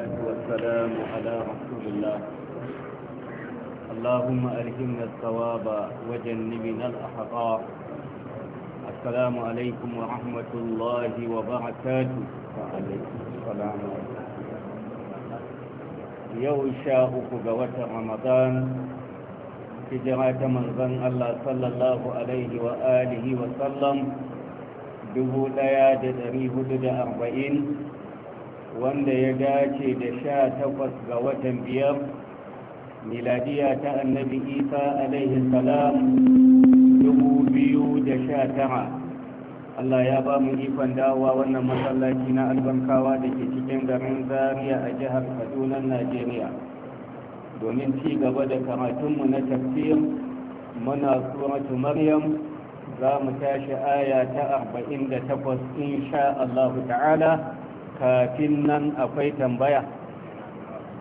والصلاة والسلام على رسول الله اللهم ألهمنا الثواب وجنبنا الأحقاء السلام عليكم ورحمة الله وبركاته وعليكم السلام ورحمة الله يوم شاءك قوة رمضان hijira ta manzon Allah sallallahu Alaihi wa alihi wa sallam arba'in wanda ya dace da sha takwas ga watan biyar miladiya ta annabi isa alaihi salam dubu biyu da sha tara allah ya ba mu ikon dawowa wannan masallaci na albankawa da ke cikin garin zaria a jihar kaduna najeriya domin ci gaba da karatunmu na tafsir muna suratu maryam za mu tashi aya ta 48 insha allahu ta'ala kafin nan akwai tambaya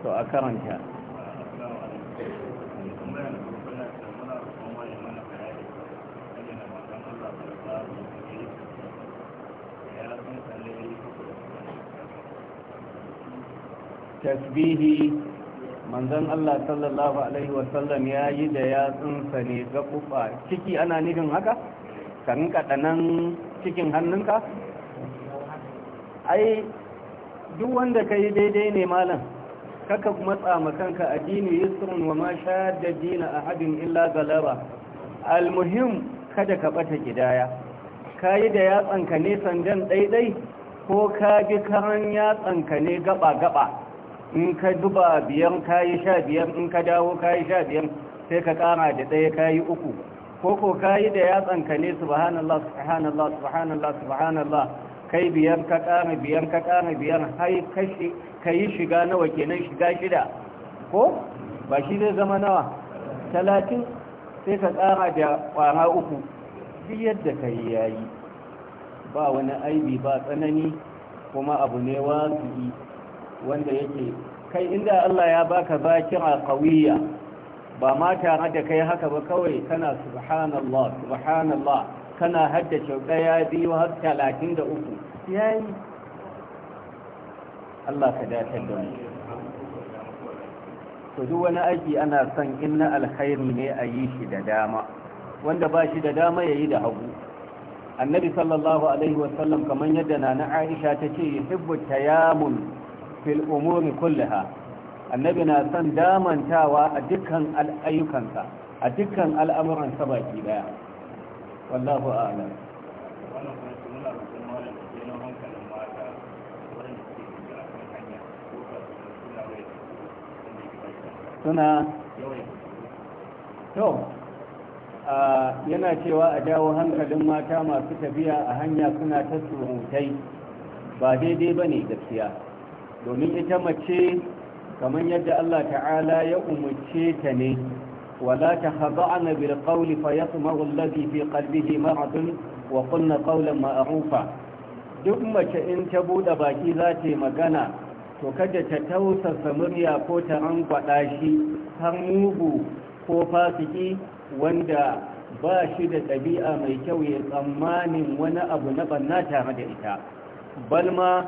to a karanta tasbihi manzon Allah sallallahu alaihi wasallam ya yi da yatsunsa ne ga kufa ciki ana nufin haka ka rinka cikin hannunka ai duk wanda ka yi daidai ne malam kaka matsa makanka addini yusrun wa ma da dina a hadin illa galaba almuhim kada ka bata gidaya ka yi da yatsanka ne sandan daidai ko ka bi karan yatsanka ne gaba-gaba in ka duba biyan ka yi sha biyan in ka dawo ka yi sha biyan sai ka kara da ɗaya ka yi uku ko ko ka yi da yatsanka ne subhanallah subhanallah subhanallah subhanallah kai biyar ka ƙara biyar ka ƙara biyar ka yi shiga nawa kenan shiga shida ko ba shi zai zama nawa talatin sai ka ƙara da ƙwara uku biyar da ka yi yayi ba wani aibi ba tsanani kuma abu ne wazi wanda yake kai inda Allah ya baka bakira kawiya ba ma tare da kai haka ba kawai kana subhanallah subhanallah kana kyau ɗaya biyu har talatin da uku ya yi Allah ka da mu duk wani aiki ana son in na alkhairi ne a yi shi da dama wanda ba shi da dama ya yi da hagu annabi sallallahu alaihi wasallam kamar yadda na na aisha ta ce yi tayamun fil umuri kullaha annabi na son damantawa a dukkan al'ayyukansa a dukkan al'amuransa baki daya wallahu a'lam suna to yana cewa a dawo hankalin mata masu tafiya a hanya suna ta surutai ba daidai ba ne gaskiya domin ita mace kamar yadda allah ta'ala ya umarce ta ne ولا تخضعن بالقول فيطمع الذي في قلبه مرض وقلن قولا معروفا duk mace in ta buɗe baki za ta yi magana to kada ta tausasa murya ko ta rangwada shi har mugu ko fasiki wanda ba shi da ɗabi'a mai kyau ya tsammanin wani abu na banna tare da ita balma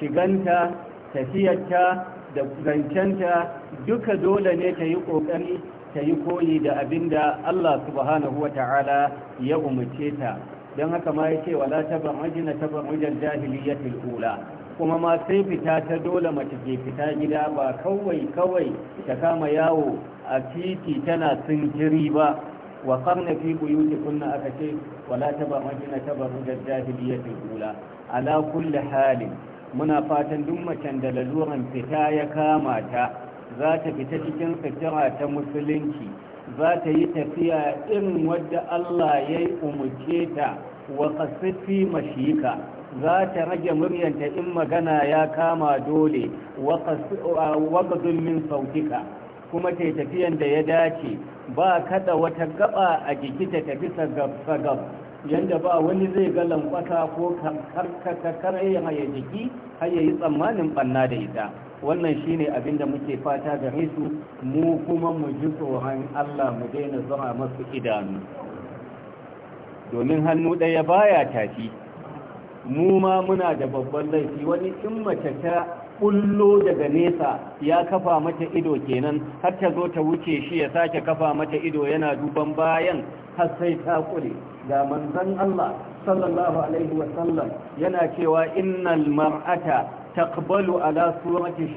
shiganta tafiyarta da zancenta duka dole ne ta yi ƙoƙari ta yi koyi da abin da Allah subhanahu wa ta'ala ya umarce ta don haka ma ya ce wala ta taba ta ban wajen jahiliyyatul ula kuma ma sai fita ta dole mace ke fita gida ba kawai kawai ta kama yawo a titi tana jiri ba wa qarna fi kunna aka ce wala ta taba ta ban wajen jahiliyyatul ula ala kulli halin muna fatan duk macen da laluran fita ya kama ta za ta fita cikin fitira ta musulunci za ta yi tafiya irin wadda Allah ya yi umarce ta wa kasifi mashika za ta rage muryanta in magana ya kama dole wa min sautika kuma ta tafiyan da ya dace ba kada wata gaba a jiki ta tafi sagab yanda ba wani zai ga lankwata ko karkata karayen haya jiki har yayi tsammanin banna da ita wannan shine abin da muke fata game su mu kuma mu ji tsoron Allah mu daina zama masu idanu domin hannu ɗaya baya tafi mu ma muna da babban laifi wani in mace ta bullo daga nesa ya kafa mata ido kenan har ta zo ta wuce shi ya sake kafa mata ido yana duban bayan har sai ta kure ga manzon Allah sallallahu alaihi wasallam yana cewa innal mar'ata taqbalu ala surati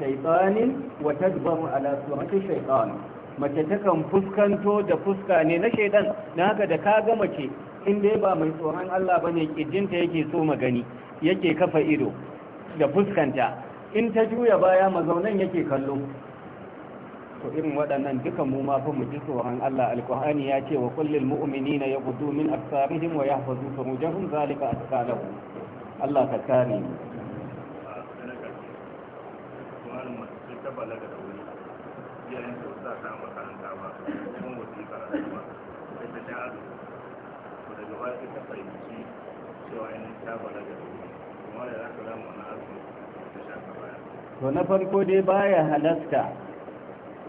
wa tadbaru ala surati shaytan mace takan fuskanto da fuska ne na shaidan na haka da kaga mace in dai ba mai tsoron Allah bane kijinta yake so magani yake kafa ido da fuskanta in ta juya baya mazaunan yake kallo to irin waɗannan duka mu ma fa mu ji tsoron Allah alqur'ani ya ce wa kullil mu'minina yaqudu min absarihim wa yahfazu furujahum zalika atqalahu Allah ka kare mu samun mace ce ta balaga da wuri yayin da sa ta makaranta ba kuma wasu karatu ba sai ta sha azumi to daga baya sai ta fahimci cewa yana ta balaga da wuri kuma da za ka zama wani azumi ta sha ka baya to na farko dai baya halasta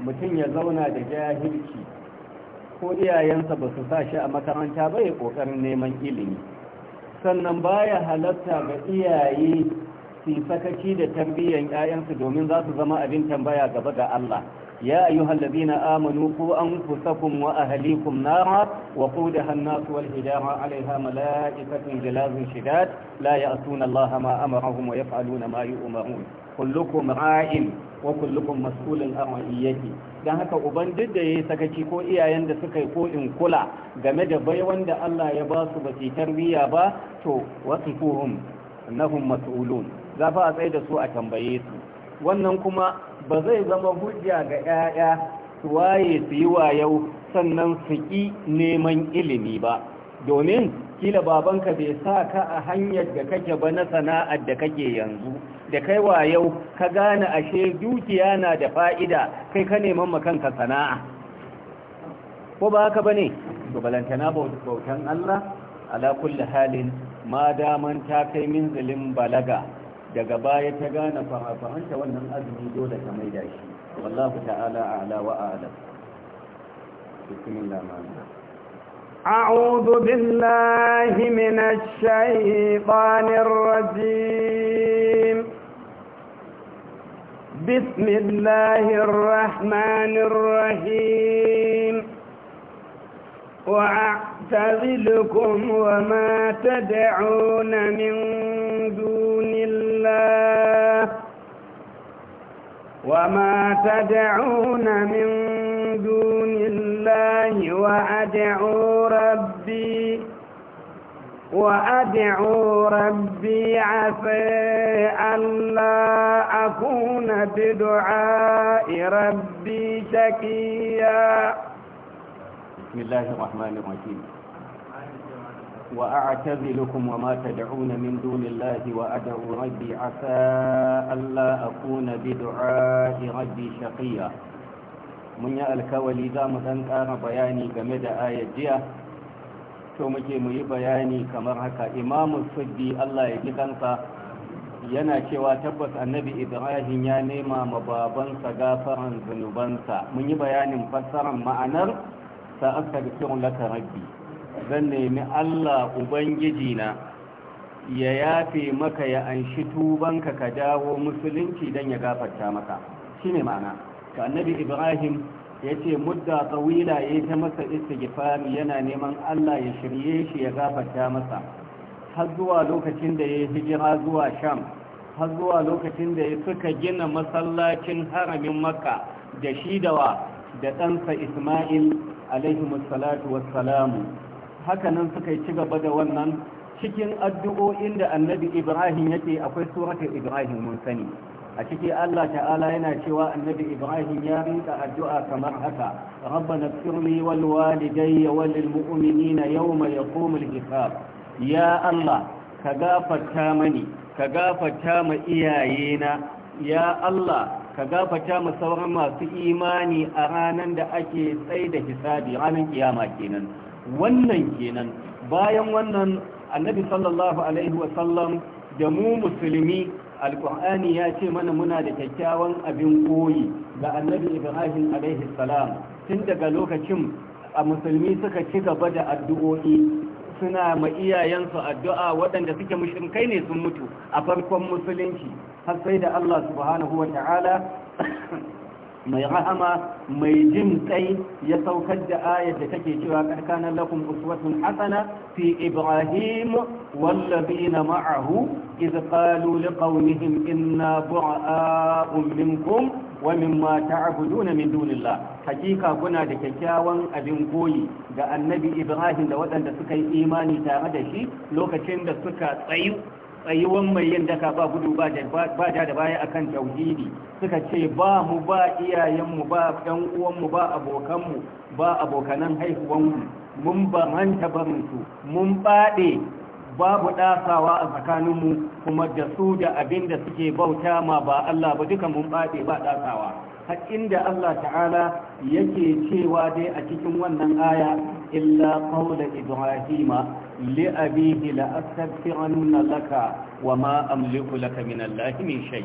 mutum ya zauna da jahilci ko iyayensa ba su sa shi a makaranta ba ya ƙoƙarin neman ilimi sannan baya halatta ga iyaye su yi sakaci da tarbiyyan 'ya'yansu domin za su zama abin tambaya gaba ga Allah ya ayyuhal ladina amanu ku anfusakum wa ahlikum nara wa qudaha an-nas wal hijara 'alayha mala'ikatun ghilazun shidad la ya'tuna Allah ma amarahum wa yaf'aluna ma yu'marun kullukum ra'in wa kullukum mas'ulun an ra'iyyati dan haka uban duk da yayi sakaci ko iyayen da suka yi ko in kula game da bai wanda Allah ya ba su ba tarbiyya ba to wasifuhum annahum mas'ulun za fa a tsaye da su a tambaye su wannan kuma ba zai zama hujja ga 'ya'ya su waye su yi wayau sannan su ƙi neman ilimi ba domin kila babanka bai sa ka a hanyar da kake ba na sana'ar da kake yanzu da kai wayau ka gane ashe dukiya na da fa'ida kai ka neman ma kanka sana'a ko ba haka ba ne balantana bautan Allah ala kulli halin ma daman ta kai minzalin balaga daga baya ta gane fahimta wannan azumi dole ta mai dashi wallahu ta'ala a'la wa a'lam bismillah أعوذ بالله من الشيطان الرجيم بسم الله الرحمن الرحيم وأعتزلكم وما تدعون من الله وما تدعون من دون الله وأدعو ربي وأدعو ربي عسى ألا أكون بدعاء ربي شكيا بسم الله الرحمن الرحيم وأعتزلكم وما تدعون من دون الله وأدعو ربي عسى ألا أكون بدعاء ربي شقيا mun yi alkawali za ɗan ƙara bayani game da ayar to muke muyi bayani kamar haka imamu suddi allah ya ji kansa yana cewa tabbas annabi ibrahim ya nema ma babansa gafaran zunubansa mun yi bayanin fassarar ma'anar sa'asar laka rabbi zan nemi Allah ubangiji na ya yafe maka ya anshi tubanka ka dawo musulunci don ya gafarta maka shi ne ma'ana to annabi ibrahim ya ce mudda tsawila ya ta masa istighfari yana neman Allah ya shirye shi ya gafarta masa har zuwa lokacin da ya hijira zuwa sham har zuwa lokacin da ya suka gina masallacin haramin makka da shi da wa da ɗansa ismail alaihi salatu wassalamu hakanan suka yi ci gaba da wannan cikin addu'o'in da annabi ibrahim yake akwai suratul ibrahim mun sani a ciki Allah ta'ala yana cewa annabi ibrahim ya rinka addu'a kamar haka Rabban firli wal walidayya wal mu'minina yawma yaqumul hisab ya Allah ka gafarta mani ka gafarta ma iyayena ya Allah ka gafata mu sauran masu imani a ranar da ake tsaye da hisabi ranar kiyama kenan wannan kenan bayan wannan annabi sallallahu alaihi wasallam da mu musulmi alkur'ani ya ce mana muna da kyakkyawan abin koyi ga annabi ibrahim alaihi salam tun daga lokacin a musulmi suka ci gaba da addu'o'i suna ma iyayensu addu'a waɗanda suke mushrikai ne sun mutu a farkon musulunci har sai da Allah subhanahu wa ta'ala mai rahama mai jin kai ya saukar da ayar da take cewa karkanan lakum uswatun hasana fi ibrahim wallazina ma'ahu iz qalu liqawmihim inna bu'a'u minkum wa mimma ta'buduna min dunillah hakika kuna da kyakkyawan abin koyi ga annabi ibrahim da waɗanda suka yi imani tare da shi lokacin da suka tsayu tsayuwan mai yin daka ba gudu ba ja da baya akan tauhidi suka ce ba mu ba iyayenmu ba ɗan uwanmu ba abokanmu ba abokanan haihuwanmu mun ba manta barinsu mun baɗe babu ɗasawa a tsakaninmu kuma da su da abinda suke bauta ma ba Allah ba duka mun baɗe ba ɗasawa haƙƙin da Allah ta'ala yake cewa dai a cikin wannan aya illa qawla ibrahima li abihi la astaghfiranna laka wa ma amliku laka min allahi min shay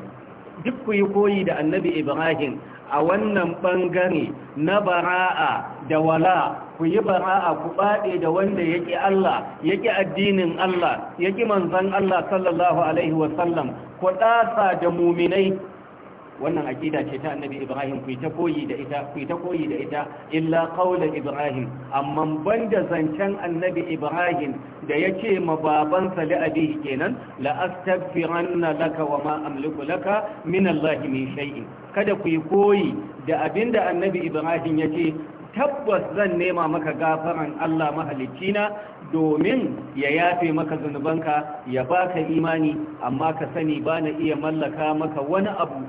duk ku yi koyi da annabi ibrahim a wannan bangare na bara'a da wala ku yi bara'a ku bade da wanda yake Allah yake addinin Allah yake manzon Allah sallallahu alaihi sallam ku ɗasa da muminai wannan aqida ce ta annabi ibrahim ku ta koyi da ita ku ta koyi da ita illa qaula ibrahim amma banda zancen annabi ibrahim da yake ma babansa li abi kenan la astaghfiranna laka wa ma amliku laka min allahi min shay'in kada ku koyi da abinda annabi ibrahim yake tabbas zan nema maka gafaran Allah mahalicina domin ya yafe maka zunubanka ya baka imani amma ka sani ba na iya mallaka maka wani abu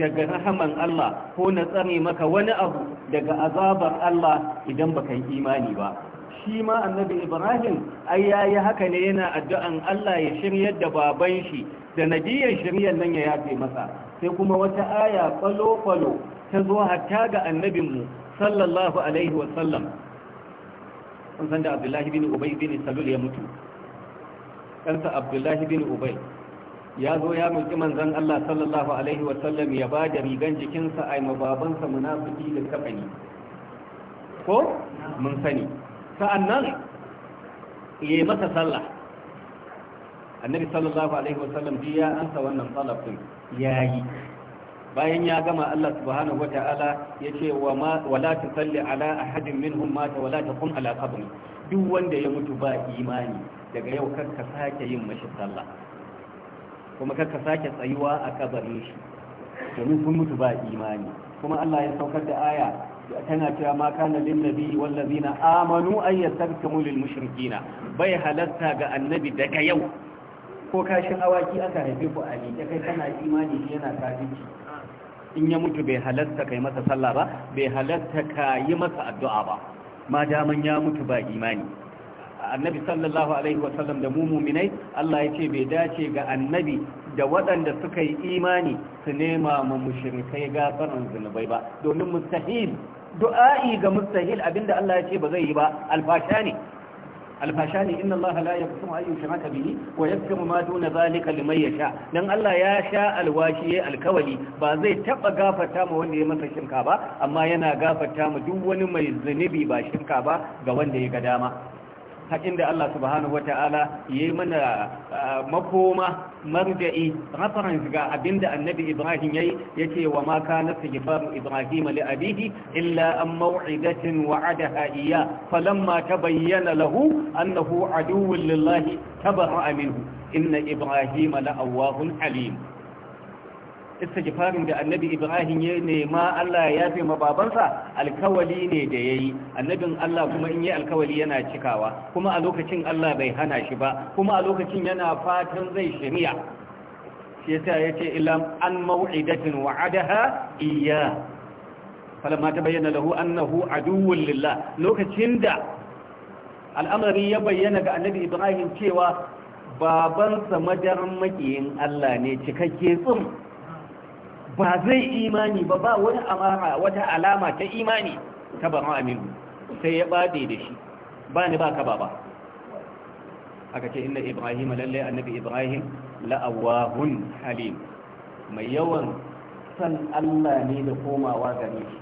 daga rahaman Allah ko na tsare maka wani abu daga azabar Allah idan baka yi imani ba shi ma annabi Ibrahim ai yayi haka ne yana addu'an Allah ya shiryar da baban shi da nadiyan shiryar nan ya yafe masa sai kuma wata aya kwalo kwalo ta zo hatta ga annabinmu sallallahu alaihi wa sallam kun san da Abdullahi bin Ubay bin Salul ya mutu kansa Abdullahi bin Ubay ya zo ya roƙi manzon Allah sallallahu alaihi wa sallam ya ba da rigan jikinsa ai mababansa munafiki da kafani ko mun sani sa'annan yi masa sallah annabi sallallahu alaihi wa sallam ji ya ansa wannan talabin yi. bayan ya gama Allah subhanahu wata'ala ya ce wala ta salli ala ahadin minhum mata wala ta kun ala qabri duk wanda ya mutu ba imani daga yau kar ka sake yin mashi sallah kuma kakka sake tsayuwa a kabarin shi domin sun mutu ba imani kuma Allah ya saukar da aya tana cewa ma kana lin nabi wal ladina amanu ay yastakmu lil mushrikina bai halatta ga annabi daga yau ko kashin awaki aka haife ku a liƙe kai kana imani shi yana kafirci in ya mutu bai halatta kai masa sallah ba bai halatta ka yi masa addu'a ba ma daman ya mutu ba imani annabi sallallahu alaihi wasallam da mu muminai Allah ya ce bai dace ga annabi da waɗanda suka yi imani su nema ma mushrikai gafaran zunubai ba domin mustahil du'a'i ga mustahil abinda Allah ya ce ba zai yi ba alfasha ne alfasha ne inna Allah la yaghfiru an yushraka bihi wa yaghfiru ma duna zalika liman yasha dan Allah ya sha alwashi ya alkawali ba zai taba gafarta ma wanda ya masa shirka ba amma yana gafarta ma duk wani mai zunubi ba shirka ba ga wanda ya ga dama har inda Allah subhanahu wata'ala yayi mana makoma marja'i reference ga abinda annabi Ibrahim yayi yake wa ma na istighfaru Ibrahim li illa an maw'idatin wa'adaha iya falamma bayyana lahu annahu aduwwun lillahi tabara'a minhu inna Ibrahim la'awwahun alim istighfarin da annabi ibrahim ya nema Allah ya yafe ma babansa alkawali ne da yayi annabin Allah kuma in yi alkawali yana cikawa kuma a lokacin Allah bai hana shi ba kuma a lokacin yana fatan zai shirya shi yasa yace illa an maw'idatin wa'adaha iyya falamma bayyana lahu annahu aduwwun lillah lokacin da al'amari ya bayyana ga annabi ibrahim cewa babansa madaran makiyin Allah ne cikakke tsum ba zai imani ba ba wani amara wata alama ta imani ta ma aminu sai ya bade da shi ba ni ba ka ba ba aka ce inna ibrahim lallai annabi ibrahim la'awahun halim mai yawan san Allah ne da komawa gare shi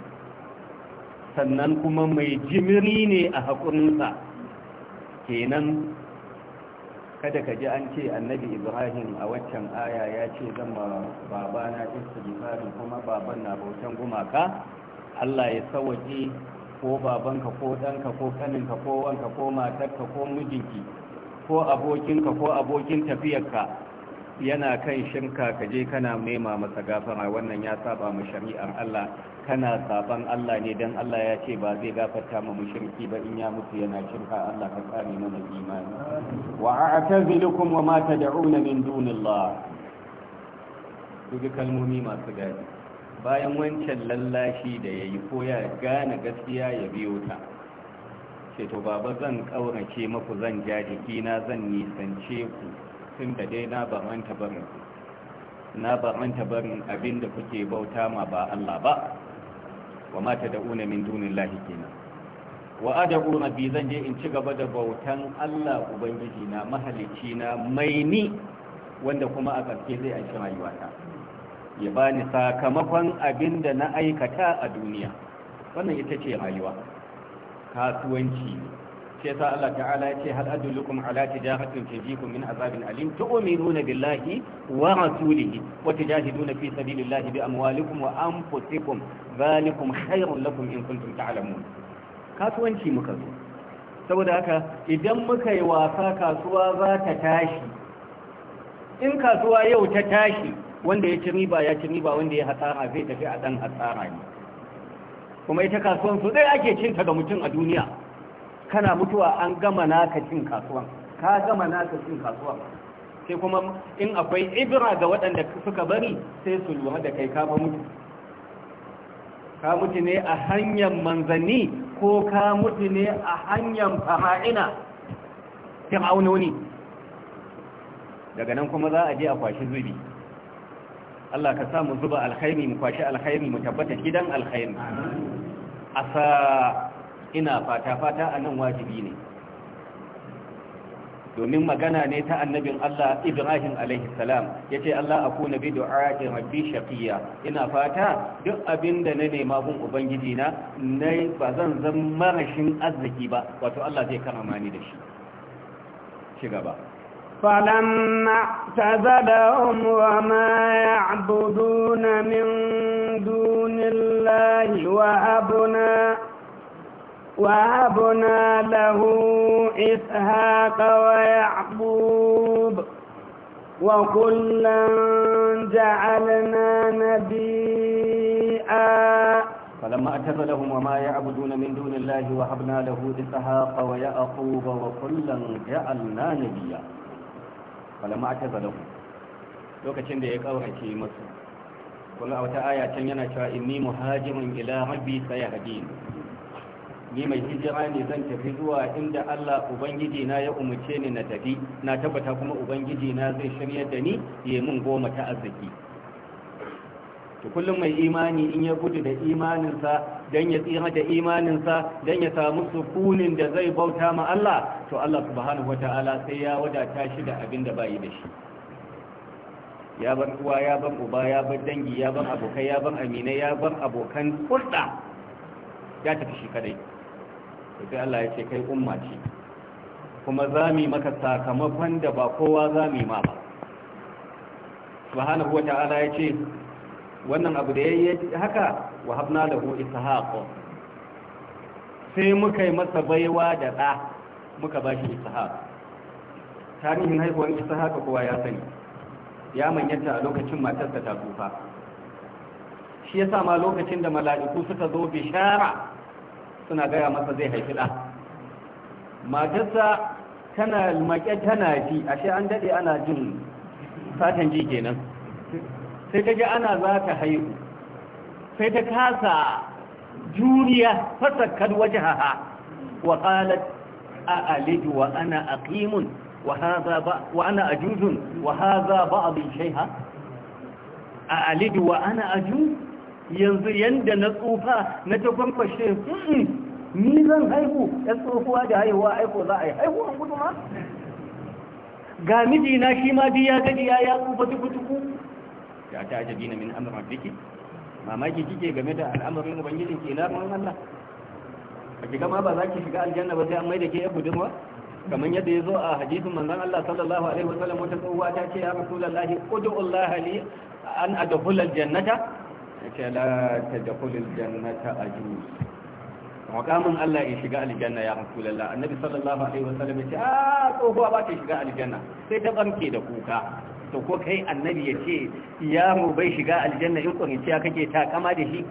sannan kuma mai jimiri ne a haƙurinsa kenan kada ka ji an ce annabi ibrahim a waccan aya ya ce zan ma babana istighfarin kuma baban na bautan gumaka allah ya sawaje ko babanka ko ɗanka ko kaninka ko wanka ko matarka ko mijinki ko abokinka ko abokin tafiyarka yana kan shirka ka je kana nema masa gafara wannan ya saba mu shari'ar Allah kana saban Allah ne dan Allah ya ce ba zai gafarta mu mushriki ba in ya mutu yana shirka Allah ka kare mana imani wa a'tazilukum wa ma tad'un min dunillah duka kalmomi masu gadi bayan wancan lallashi da yayi ko ya gane gaskiya ya biyo ta sai to baba zan kaurace maku zan jaji kina zan nisance ku tun da dai na manta barin na manta barin abin kuke bauta ma ba Allah ba wa mata da'una min dunillahi kenan wa adabu rabbi zan je in ci gaba da bautan Allah ubangiji na mahalicci na mai ni wanda kuma a ƙarfe zai aiki rayuwata ya bani sakamakon abin da na aikata a duniya wannan ita ce rayuwa kasuwanci shi yasa Allah ta'ala ya ce hal adullukum ala tijaratin tajikum min azabin alim tu'minuna billahi wa rasulihi wa tujahiduna fi sabilillahi bi amwalikum wa anfusikum khairun lakum in kuntum ta'lamun kasuwanci muka zo saboda haka idan muka yi wasa kasuwa za ta tashi in kasuwa yau ta tashi wanda ya ci riba ya ci riba wanda ya hasara zai tafi a dan hasara ne kuma ita kasuwan su dai ake cinta ga mutum a duniya kana mutuwa an gama naka cin kasuwan ka gama naka cin kasuwan sai kuma in akwai ibra ga waɗanda suka bari sai su lura da kai kama mutu ka mutu ne a hanyar manzanni ko ka mutu ne a hanyar fara'ina fir'aunoni daga nan kuma za a je a kwashi zubi Allah ka samu zuba alkhairi mu kwashi alkhairi mu tabbata gidan alkhairi asa ina fata fata a nan wajibi ne domin magana ne ta annabin Allah Ibrahim alaihi salam ce Allah aku nabi du'a rabbi shaqiya ina fata duk abinda na nema gun ubangiji na nai ba zan zan marashin arziki ba wato Allah zai karama ni da shi ci gaba فلما اعتزلهم وما يعبدون من دون الله وأبنا وهبنا له إسحاق ويعقوب وكلا جعلنا نبيا فلما أتم لهم وما يعبدون من دون الله وهبنا له إسحاق ويعقوب وكلا جعلنا نبيا فلما أتم لهم lokacin da ya kaurace masu kula wata aya إني مهاجم إلى ربي سيهدين ni mai hijira ne zan tafi zuwa inda Allah ubangiji na ya umarce ni na tafi na tabbata kuma ubangiji na zai shirya da ni ya mun goma ta arziki to kullum mai imani in ya gudu da imaninsa dan ya tsira da imaninsa dan ya samu sukunin da zai bauta ma Allah to Allah subhanahu wataala sai ya wadata shi da abin da bai da shi ya bar uwa ya bar uba ya bar dangi ya bar abokai ya bar aminai ya bar abokan kurda ya tafi shi kadai sai Allah ya ce kai umma ce kuma zami maka sakamakon da ba kowa zami ma ba subhanahu wata'ala ya ce wannan abu da yayi haka wa habna lahu ishaq sai muka yi masa baiwa da ɗa muka bashi ishaq tarihin haihuwar ishaq kowa ya sani ya manyanta a lokacin matarsa ta tufa. shi yasa ma lokacin da mala'iku suka zo bishara suna gaya masa zai haifi ɗa matarsa tana maƙe tana fi ashe an daɗe ana jin satan ji kenan sai ta ji ana za ta haihu sai ta kasa juriya fasakkar waje haha wa ƙalat a alidu wa ana aqimun wa ana ajuzun wa haza ba abin shaiha a alidu wa ana ajuzun yanzu yanda na tsufa na ta kwamfashe hmm, ni zan haihu ya tsohuwa da haihuwa aiko za a yi haihuwan gudu ma ga mijina shi ma biya gadi ya ya tsufa tuku-tuku ya ta ajabi na min amuran duki mamaki kike game da al'amarin ubangijin ke na ruwan Allah a kika ma ba za ki shiga aljanna ba sai an mai da ke ya budurwa kamar yadda ya zo a hadisin manzan Allah sallallahu alaihi wasallam wata tsohuwa ta ce ya rasu lallahi Allah li an adkhula aljannata yake la tadkhulul jannata ajin muqamin Allah ya shiga aljanna ya rasulullah annabi sallallahu alaihi wasallam yace ah tsohuwa ba ta shiga aljanna sai ta banke da kuka to ko kai annabi yace ya mu bai shiga aljanna in ce kake ta kama da shi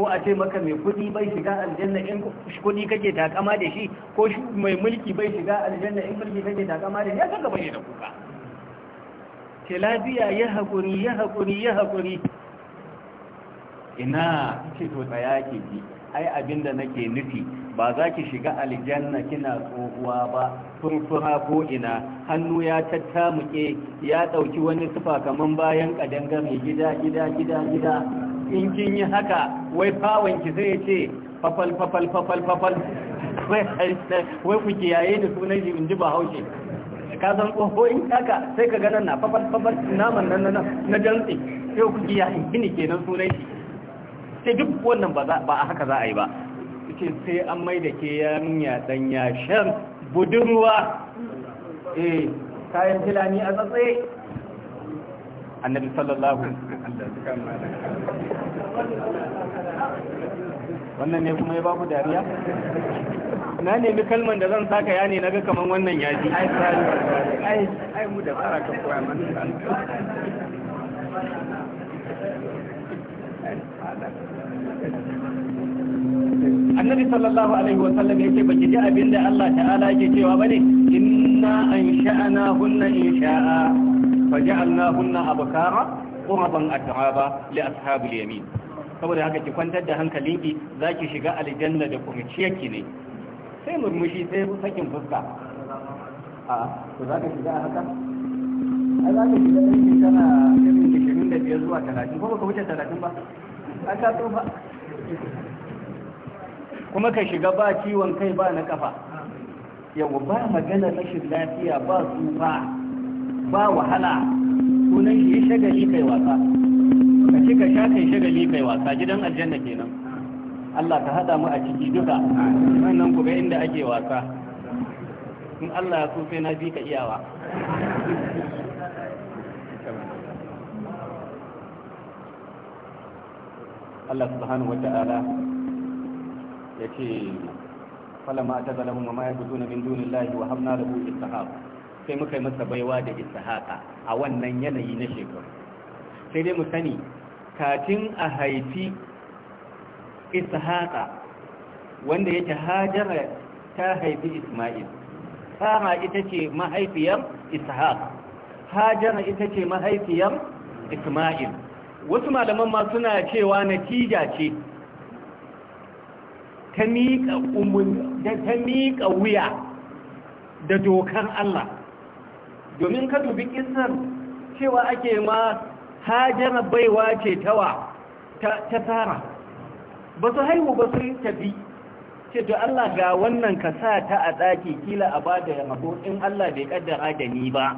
ko a ce maka mai kudi bai shiga aljanna in kudi kake takama da shi ko mai mulki bai shiga aljanna in mulki kake takama da shi ya kaga bai da kuka ke lafiya ya haƙuri ya haƙuri ya haƙuri ina ce to tsaya ke ji ai abinda nake nufi ba za ki shiga aljanna kina tsohuwa ba furfura ko ina hannu ya tatta muke ya dauki wani sufa kaman bayan kadanga mai gida gida gida gida in kin yi haka wai fawon ki zai ce fafal fafal fafal fafal wai ku kiyaye ni sunan shi in ji ba haushe ka san ko in haka sai ka nan na fafal fafal naman nan na jantsi sai ku kiyaye ni kenan sunan shi sai duk wannan ba a haka za a yi ba suke sai an mai da ke yamiya dan yashen budurwa E, kayan filani a tsatsaye annabi sallallahu wannan ne kuma ya babu dariya na nemi kalman da zan saka ya ne na ga kaman wannan ya ji. ai mu da fara ka koya annabi sallallahu alaihi wasallam ya ce baki ji abin da Allah ta'ala yake cewa bane inna an sha'ana hunna insha'a ja'alna hunna abkara qurban atraba li ashabil yamin saboda haka ki kwantar da hankalinki zaki shiga aljanna da kurciyarki ne sai murmushi sai sakin fuska a to za ka shiga haka ai za ka shiga cikin kana cikin 25 zuwa 30 ko ba ka wuce 30 ba a ka ba. kuma ka shiga ba ciwon kai ba na kafa yau ba magana rashin lafiya ba tsufa ba wahala sunan shi shagali kai wasa ka ci ka sha kai shagali kai wasa gidan aljanna kenan Allah ka hada mu a ciki duka wannan ku ga inda ake wasa in Allah ya so sai na bi ka iyawa Allah subhanahu wa ta'ala ya ce falama ta zala hun mama ya fito na min dunin lahi wa hamna da hukun sahab sai muka yi masa baiwa da istihaka a wannan yanayi na shekaru sai dai mu sani katin a haifi istihaka wanda yake hajara ta haifi ismail sara ita ce mahaifiyar istihaka hajara ita ce mahaifiyar ismail wasu malaman ma suna cewa natija ce ta miƙa wuya da dokar Allah domin ka dubi kisar cewa ake ma hajjara baiwa ce tawa ta tsara ba su haihu ba sun tafi ce to Allah ga wannan ka sa ta a tsaki kila a ba da yamako in Allah bai ƙaddara da ni ba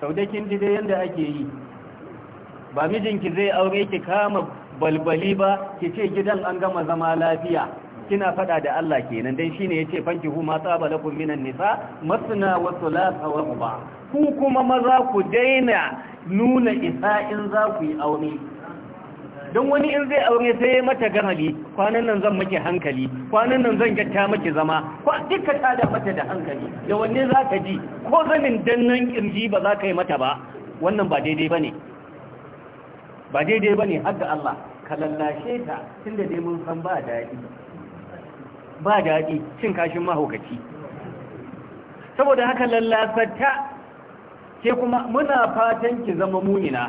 saudakin jide yadda ake yi ba mijinki zai aure ki kama balbali ba ki ce gidan an gama zama lafiya kina fada da Allah kenan dan shine yace fanki hu ma tsaba lakum minan nisa masna wa thalatha wa ruba ku kuma maza ku daina nuna isa in za ku yi aure don wani in zai aure sai ya mata gahali kwanan nan zan miki hankali kwanan nan zan gatta miki zama ko duka ta da mata da hankali da wanne za ji ko zanin dannan kirji ba za ka yi mata ba wannan ba daidai ba ne ba daidai ba ne har da Allah ka lallashe ta tun da dai mun san ba daɗi ba daɗi cin kashin mahaukaci saboda haka lallasarta ke kuma muna fatan ki zama munina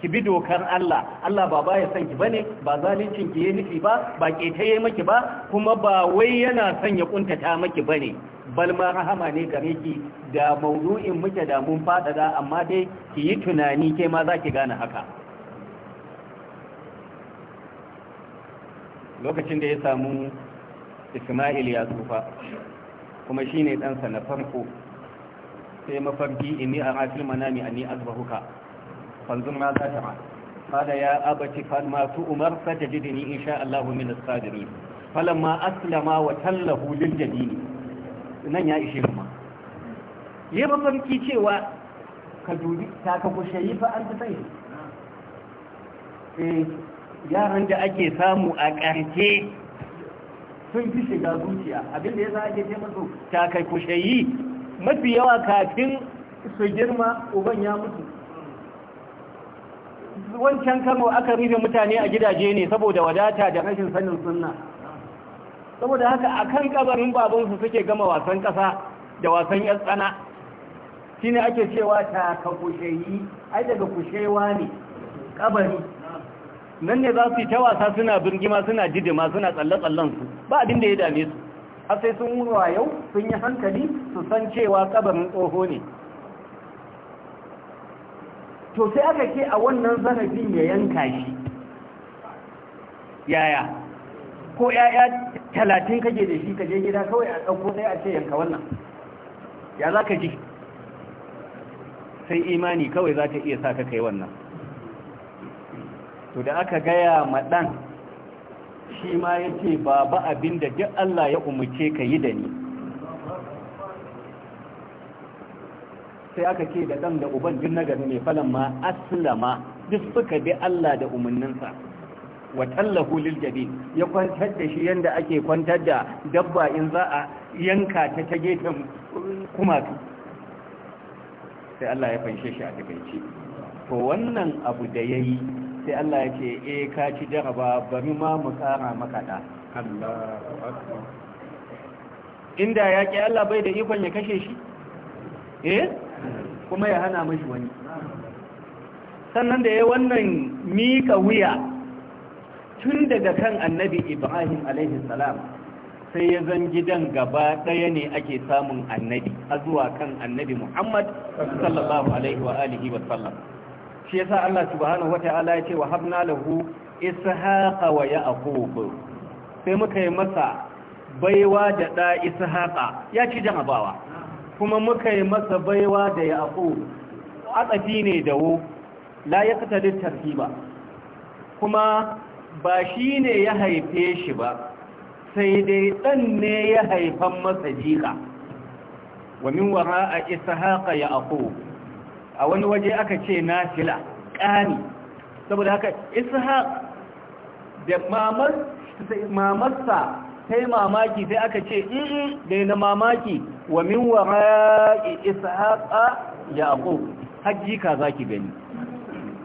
ki bi dokar Allah Allah ba ya san ki bane ba zalincin ki yayi nufi ba ba ketaye maki ba kuma ba wai yana son ya kuntata maki bane balma rahama ne gare ki da maudu'in muke da mun fadada amma dai ki yi tunani ke ma zaki gane haka lokacin da ya samu isma'il ya tsufa kuma shi ne ɗansa na farko sai mafarki inni a rafil manami anni azbahuka fanzur ma za ta ma fada ya abaci falma tu umar ta jidini insha Allah min as-sabirin falamma aslama wa tallahu lil jadini nan ya ishe kuma ya mafarki cewa ka dubi ta ka kushe yi fa an ta sai eh, yaran da ake samu a ƙarshe sun fi shiga zuciya abinda ya sa ake ce masu takai kushayi mafi yawa kafin su girma uban ya mutu wancan kano aka rufe mutane a gidaje ne saboda wadata da rashin sanin sunna saboda haka a kan kabarin babansu suke gama wasan ƙasa da wasan yan tsana shine ake cewa ta ka kushayi ai daga kushewa ne kabari nan ne za su yi ta wasa suna birgima suna didima, suna tsalle-tsallen su ba abin da ya dame su a sai sun wura yau sun yi hankali su san cewa kabarin tsoho ne to sai aka ke a wannan zarafin ya yanka shi yaya ko yaya talatin kage da shi kaje gida kawai a ɗauko sai a ce yanka wannan ya za ka ji sai imani kawai za ta iya sa ka kai wannan to da aka gaya ma ɗan shi ma ya ce baba abin da duk Allah ya umarce ka yi da ni sai aka ce da ɗan da uban duk nagari mai falon ma aslama duk suka bi Allah da umarninsa wa tallahu lil jabi ya kwantar da shi yanda ake kwantar da dabba in za a yanka ta ta gefen kumatu sai Allah ya fanshe shi a takaice to wannan abu da yayi sai Allah ya ce eh ka ci jaraba bari ma mu kara maka da inda ya ki Allah bai da ikon ya kashe shi eh kuma ya hana mashi wani sannan da ya wannan mika wuya tun daga kan annabi ibrahim alaihi salam sai ya zan gidan gaba ɗaya ne ake samun annabi a zuwa kan annabi muhammad sallallahu alaihi wa alihi wa sallam shi yasa Allah subhanahu wata'ala ya ce wa habna lahu ishaqa wa yaqub sai muka yi masa baiwa da da ishaqa ya ci jamabawa kuma muka yi masa baiwa da yaqub atsafi ne dawo la yaqtadi tarhiba kuma ba shi ne ya haife shi ba sai dai ɗan ne ya haifan masa jika wa min wara a ishaqa yaqub a wani waje aka ce na fila ƙani saboda haka ishaq da mamarsa ta yi mamaki sai aka ce iri da na mamaki wa min wara'i a yaƙo hajji ka ki gani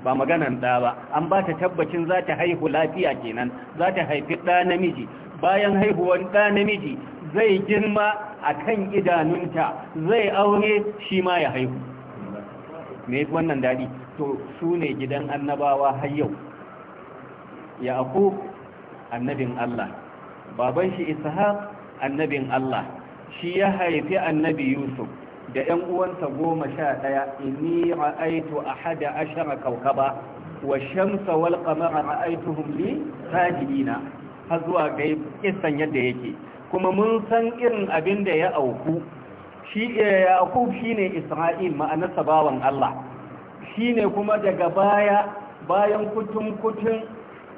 ba maganan ɗa ba an ba ta tabbacin za ta haihu lafiya kenan za ta haifi ɗa namiji bayan haihuwan ɗa namiji zai girma a kan idanunta zai aure shi ma ya haihu me wannan daɗi to su ne gidan annabawa har yau ya aku annabin Allah baban shi ishaq annabin Allah shi ya haifi annabi yusuf da ‘yan uwansa goma sha ɗaya inni ra'aitu a ashara kaukaba wa shamsa wal qamara ra'aituhum li sajidina har zuwa ga kisan yadda yake kuma mun san irin abin da ya auku shi eh, yaqub shine isra'il ma'anarsa bawan Allah shine kuma daga baya bayan kutun kutun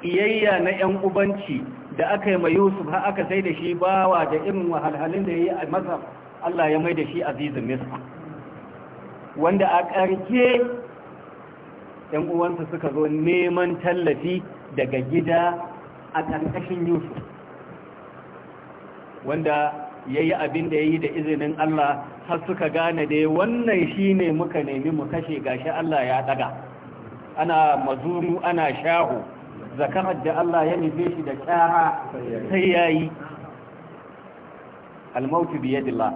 iyayya na yan ubanci da aka yi mai yusuf har aka sai da shi bawa da irin wahalhalin da ya yi a masar allah ya mai da shi azizin misra wanda a ƙarke yan uwansa suka zo neman tallafi daga gida a ƙarƙashin yusuf wanda ya yi abin da ya yi da izinin Allah har suka gane dai wannan shi ne muka nemi mu kashe gashi Allah ya daga ana mazuru ana shahu zakarar da Allah ya nufe shi da kyara sai ya yi almautu biyadillah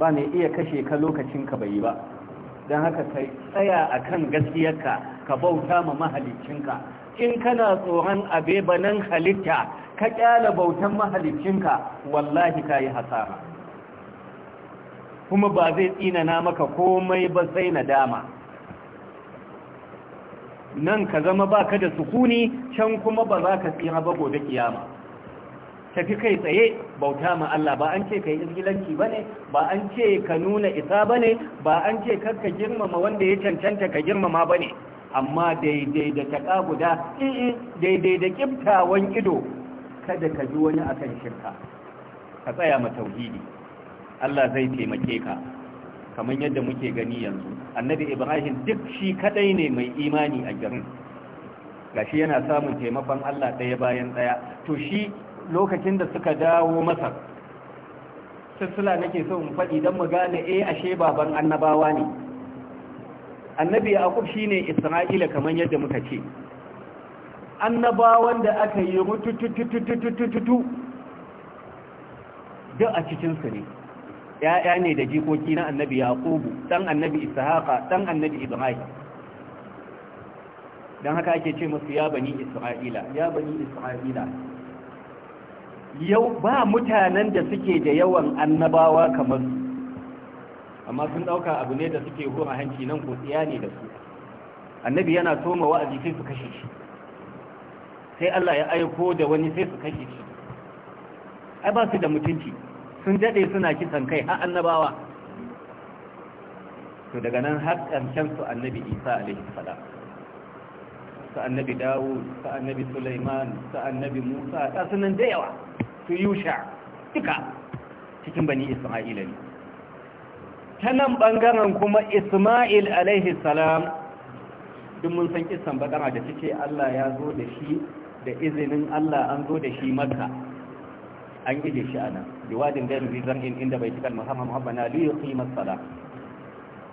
ba mai iya kashe ka lokacin ka bai yi ba don haka ka tsaya a kan gaskiyarka ka bauta ma mahalicinka in kana tsoron abe banan halitta ka kyala bautan mahalicinka wallahi ka yi hasara kuma ba zai tsinana maka komai ba sai na dama nan ka zama ba ka da sukuni can kuma ba za ka tsira ba gobe kiyama tafi kai tsaye bauta ma Allah ba an ce ka yi izgilanci ba ne ba an ce ka nuna isa ba ne ba an ce karka girmama wanda ya cancanta ka girmama ba ne amma daidai da taƙa guda eh, eh, daidai da ƙiftawan ido kada ka ji wani akan shirka ka tsaya ma tauhidi Allah zai taimake ka kamar yadda muke gani yanzu annabi ibrahim duk shi kadai ne mai imani a garin gashi yana samun taimakon Allah ɗaya bayan ɗaya to shi lokacin da suka dawo masar sissila nake so mu faɗi don mu gane eh ashe baban annabawa ne annabi yaqub shine isra'ila kaman yadda muka ce annabawan da aka yi mutututututututu duk a cikin su ne ya'ya ne da jikoki na annabi yaqub dan annabi ishaqa dan annabi ibrahim dan haka ake ce musu ya bani isra'ila ya bani isra'ila yau ba mutanen da suke da yawan annabawa kamar su amma sun ɗauka abu ne da suke hura hanci nan ko tsiya ne da su annabi yana toma wa'azi sai su kashe shi sai Allah ya aiko da wani sai su kashe shi ai ba su da mutunci sun dade suna kisan kai har annabawa to daga nan har ƙarshen su annabi isa alaihi salam su annabi dawo su annabi sulaiman su annabi musa ta sunan da yawa su yusha duka cikin bani isra'ila ne ta nan ɓangaren kuma ismail alaihi salam duk mun san kisan bakara da cike Allah ya zo da shi da izinin Allah an zo da shi maka an gije shi anan biwadin gairu zan in inda bai tikal muhammad muhammad na liyu qimar sala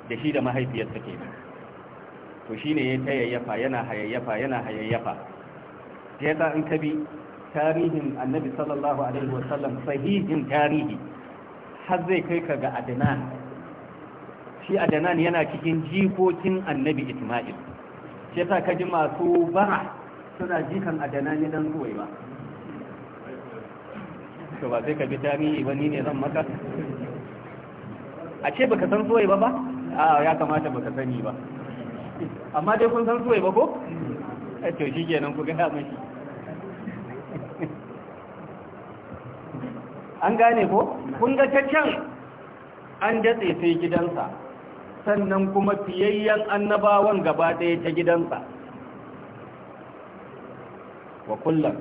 da shi da mahaifiyarsa nan, to shine ya yayyafa yana hayayyafa yana hayayyafa sai ka in kabi tarihin annabi sallallahu alaihi wasallam sahihin tarihi har zai kai ka ga adnan shi adanan yana cikin jikokin annabi isma'il shi yasa ka ji masu bara suna jikan adanan ne dan suwai ba to ba sai ka bi tarihi ba ni ne zan maka a ce baka san suwai ba ba a ya kamata baka sani ba amma dai kun san suwai ba ko a eh, to shi kenan ku gaya mashi an gane ko kun ga ta an datse sai gidansa sannan kuma fiyayyen annabawan gaba ɗaya ta gidansa wa kullum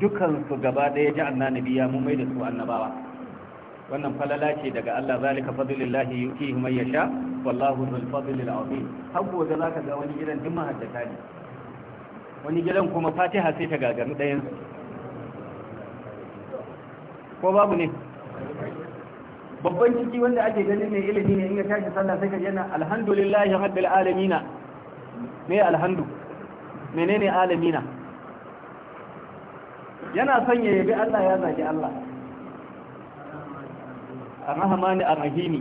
dukansu gaba ɗaya ji annabi ya mummai da su annabawa wannan falala ce daga Allah zalika fadlillahi yukihi man yasha wallahu dhul fadlil azim hago da zaka ga wani gidan duk mahaddata ne wani gidan kuma Fatiha sai ta gagaru ɗayan ko babu ne babban ciki wanda ake ganin mai ilimi ne in ya tashi sallah sai ka ji yana alhamdulillahi rabbil alamin me alhamdu menene alamina yana son ya yabi Allah ya zaki Allah arhamani arhimi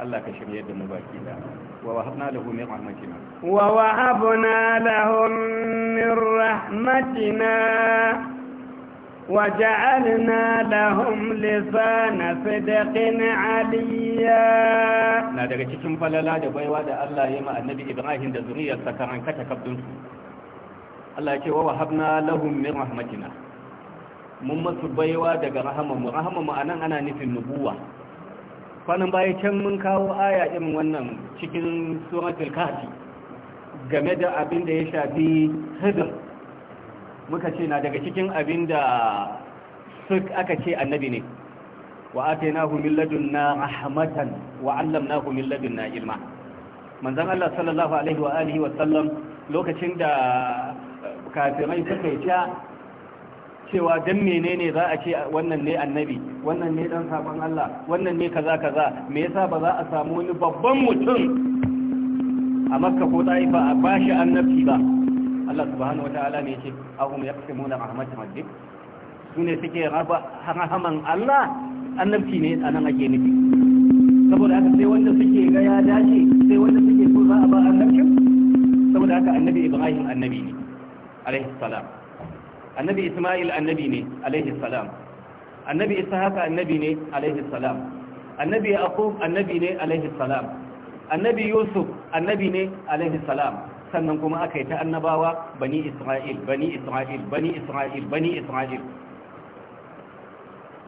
Allah ka shirye da mu baki da ووهبنا له من رحمتنا ووهبنا لهم من rahmatina. وجعلنا لهم لسان صدق عليا na daga cikin falala da baiwa da Allah ya ma annabi Ibrahim da sa karan kata kabdun Allah ya ce wa wahabna lahum min rahmatina mun masu baiwa daga rahaman mu rahaman mu anan ana nufin nubuwa kwanan bayan can mun kawo aya din wannan cikin suratul kahfi game da abin da ya shafi hidr muka ce na daga cikin abin da aka ce annabi ne wa atainahu min na rahmatan wa 'allamnahu min na ilma manzan Allah sallallahu alaihi wa alihi wa sallam lokacin da kafirai suka yi cewa mene menene za a ce wannan ne annabi wannan ne dan sabon Allah wannan ne kaza kaza me yasa ba za a samu wani babban mutum a makka ko ta'ifa a bashi annabci ba Allah subhanahu wa ta'ala ne yake ahum yaqsimuna rahmat rabbik sune suke raba rahaman Allah annabci ne anan ake nufi saboda haka sai wanda suke ga ya dace sai wanda suke so za a ba annabci saboda haka annabi Ibrahim annabi ne alaihi salam annabi Isma'il annabi ne alaihi salam annabi Ishaq annabi ne alaihi salam annabi Yaqub annabi ne alaihi salam annabi Yusuf annabi ne alaihi salam sannan kuma aka yi ta annabawa bani isra'il bani isra'il bani isra'il bani isra'il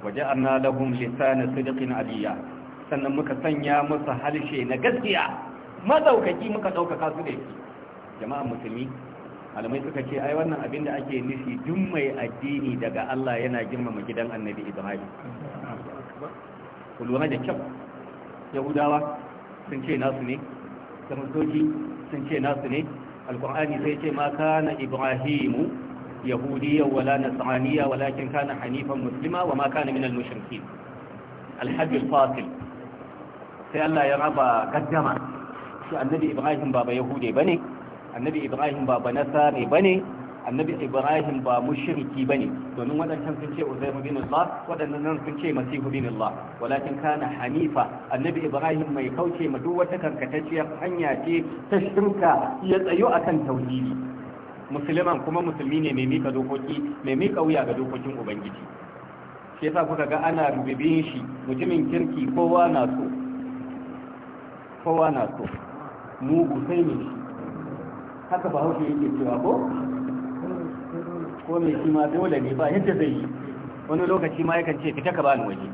waje an na lahun lisanin sidikin aliyya sannan muka sanya musu halshe na gaskiya mazaukaki muka ɗaukaka su da yake jama'an musulmi alamai suka ce ai wannan abin da ake nufi duk mai addini daga Allah yana girmama gidan annabi Ibrahim ku lura da kyau yahudawa sun ce nasu ne kiristoci sun ce nasu ne alkur'ani sai ce ma kana ibrahimu yahudiyya wala nasraniyya walakin kana hanifan muslima wa ma kana minal mushrikin alhajj alfasil sai Allah ya raba gaddama shi annabi ibrahim baba yahude bane annabi ibrahim baba nasare bane annabi ibrahim ba mushriki bane domin wadannan sun ce uzair bin Allah wadannan sun ce masihu bin Allah walakin kana hanifa annabi ibrahim mai kauce ma duk wata karkatacciyar hanya ce ta shirka ya tsayo akan tauhidi musulman kuma musulmi ne mai mika dokoki mai mika wuya ga dokokin ubangiji shi yasa kuka ga ana rubibin shi mutumin kirki kowa na so kowa na so mugu sai ne haka ba hausa yake cewa ko ko mai shi ma dole ne ba yadda zai yi wani lokaci ma yakan ce fita ka bani waje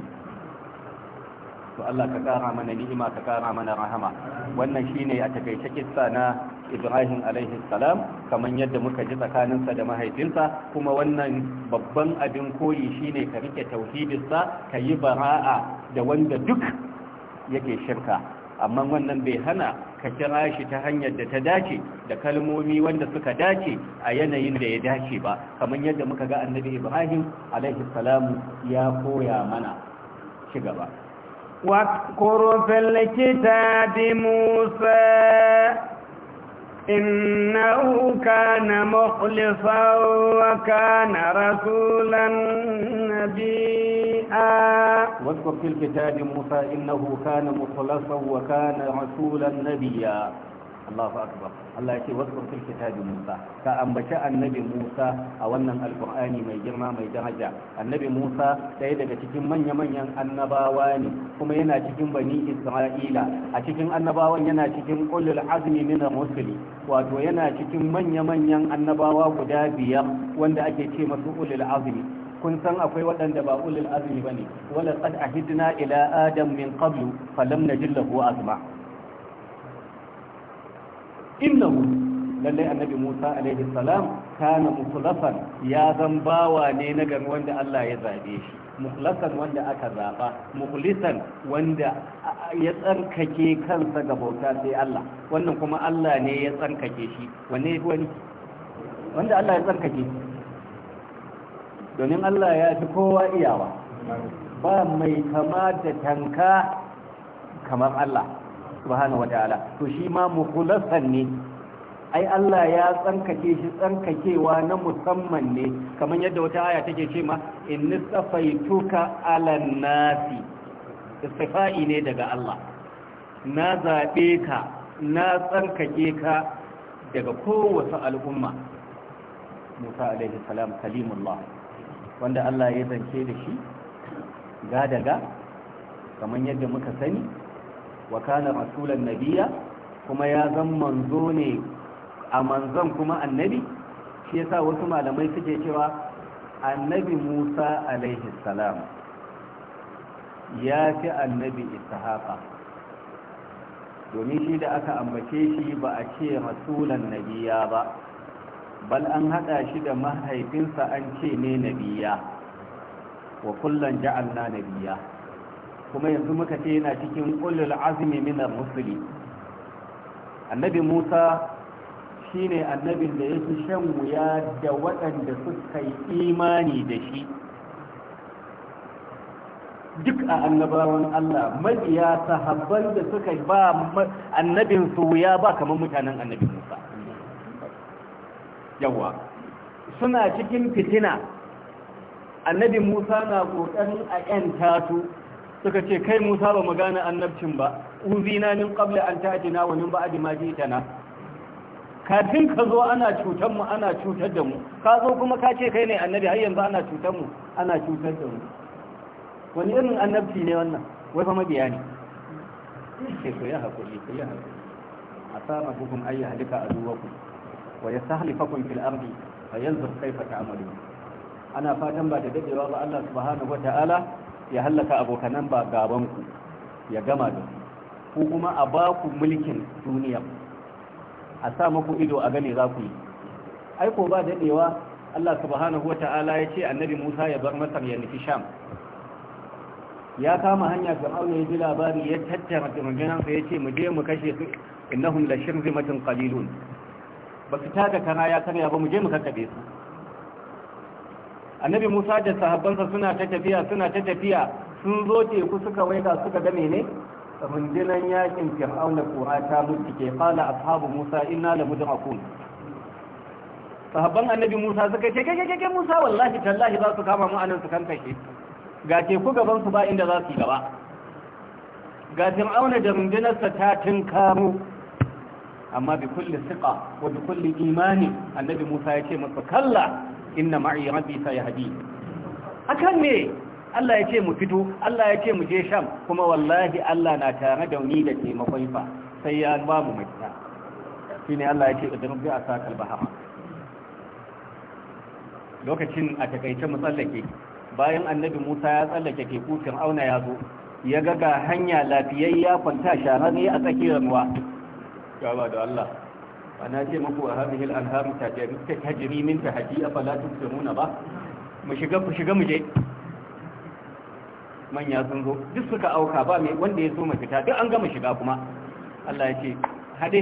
to Allah ka kara mana ni'ima ka kara mana rahama wannan shine a takaice kissa na Ibrahim alaihi salam kaman yadda muka ji tsakaninsa da mahaifinsa kuma wannan babban abin koyi shine ka rike sa ka yi bara'a da wanda duk yake shirka amma wannan bai hana ka kira shi ta hanyar da ta dace da kalmomi wanda suka dace a yanayin da ya dace ba kamar yadda muka ga annabi ibrahim alaihi salamu ya koya mana ci gaba واذكر Musa, inna uka na كان wa kana rasulan Nabi. شيئا واذكر في الكتاب موسى إنه كان مخلصا وكان رسولا نبيا الله أكبر الله يقول واذكر في الكتاب موسى كأنبشاء النبي موسى أولا القرآن من جرمى من درجة النبي موسى سيدة تكين من يمن ين النباوان كما ينا تكين بني إسرائيل أتكين النباوان ينا تكين أولي العزم من الرسل وأتو ينا تكين من يمن ين النباوان قدابيا وأن أتكين مسؤول العزم kun san akwai waɗanda ba ulul azmi bane wala qad ahidna ila adam min qablu falam najid lahu azma innahu lalle annabi Musa alaihi salam kana mukhlasan ya zan bawa ne na gan wanda Allah ya zabe shi mukhlasan wanda aka zaba mukhlisan wanda ya tsarkake kansa ga bauta sai Allah wannan kuma Allah ne ya tsarkake shi wanne wani wanda Allah ya tsarkake shi domin Allah ya fi kowa iyawa ba mai kama da tanka kamar Allah subhanahu wataala to shi ma mukhlasan ne ai Allah ya tsankake shi tsankakewa na musamman ne kamar yadda wata aya take ce ma inni safaituka alan nasi istifa'i ne daga Allah na zaɓe ka na tsankake ka daga kowace al'umma Musa alaihi salam kalimullah wanda Allah ya zance da shi ga daga kamar yadda muka sani wa kana rasulan nabiya kuma ya zan manzo ne a manzon kuma annabi shi yasa wasu malamai suke cewa annabi Musa alaihi salam ya fi annabi ishaqa domin shi da aka ambace shi ba a ce rasulan nabiya ba bal an haɗa shi da mahaifinsa an ce ne nabiya wa kullum ja'alna nabiya kuma yanzu muka ce yana cikin ulul azumi minar musuli annabi musa shine annabin da ya fi shan wuya da waɗanda suka yi imani da shi duk a annabawan Allah mabiya sahabban da suka ba annabin su wuya ba kamar mutanen Annabi Musa yawa suna cikin fitina annabi musa na ƙoƙarin a ƴan tatu suka ce kai musa ba magana annabcin ba uzina min qabla an ta'tina wa min ba'di ma ji'tana kafin ka zo ana cutar mu ana cutar da mu ka zo kuma ka ce kai ne annabi har yanzu ana cutar mu ana cutar da mu wani irin annabci ne wannan wai fa mabiya ne sai ku ya hakuri ku ya hakuri asama hukum ayya halika aduwakum wa yastahlifakum fil ardi fa yanzur kaifa ta'malun ana fatan ba da dadewa ba Allah subhanahu wata'ala ya hallaka abokanan ba gaban ku ya gama da ku kuma a ba ku mulkin duniya a sa maku ido a gane za ku yi Aiko ba dadewa Allah subhanahu wata'ala ya ce annabi Musa ya bar Masar ya nufi Sham ya kama hanya ga ya ji labari ya tattara rundunar ya ce mu je mu kashe su innahum la shirzimatun qalilun ba su taka kana ya karya ba mu je mu kakkabe su annabi musa da sahabbansa suna ta tafiya suna ta tafiya sun zo teku suka waiga suka ga mene rundunar yakin fir'auna kura ta mutu ke a ashabu musa inna la mudrakun sahabban annabi musa suka ce kai kai musa wallahi tallahi za su kama mu anan su kankashe ga teku gaban su ba inda za su yi gaba ga fir'auna da rundunarsa ta tinkaro amma bi kulli siqa wa bi kulli imani annabi Musa ya ce masa kalla inna ma'i rabbi sayahdi akan ne Allah ya ce mu fito Allah ya ce mu je sham kuma wallahi Allah na tare da ni da taimakon fa sai ya ba mu mafita shine Allah ya ce idrib bi asakal bahama lokacin a takaice mu tsallake bayan annabi Musa ya tsallake teku auna ya zo ya ga ga hanya lafiyayya kwanta sharar ne a tsakiyar ruwa gawa da Allah ana ce muku a ta al-anhar tajri min tahti afala tusiruna ba mu shiga ku shiga mu je manya sun zo duk suka auka ba mai wanda ya zo mu fita duk an gama shiga kuma Allah ya ce hade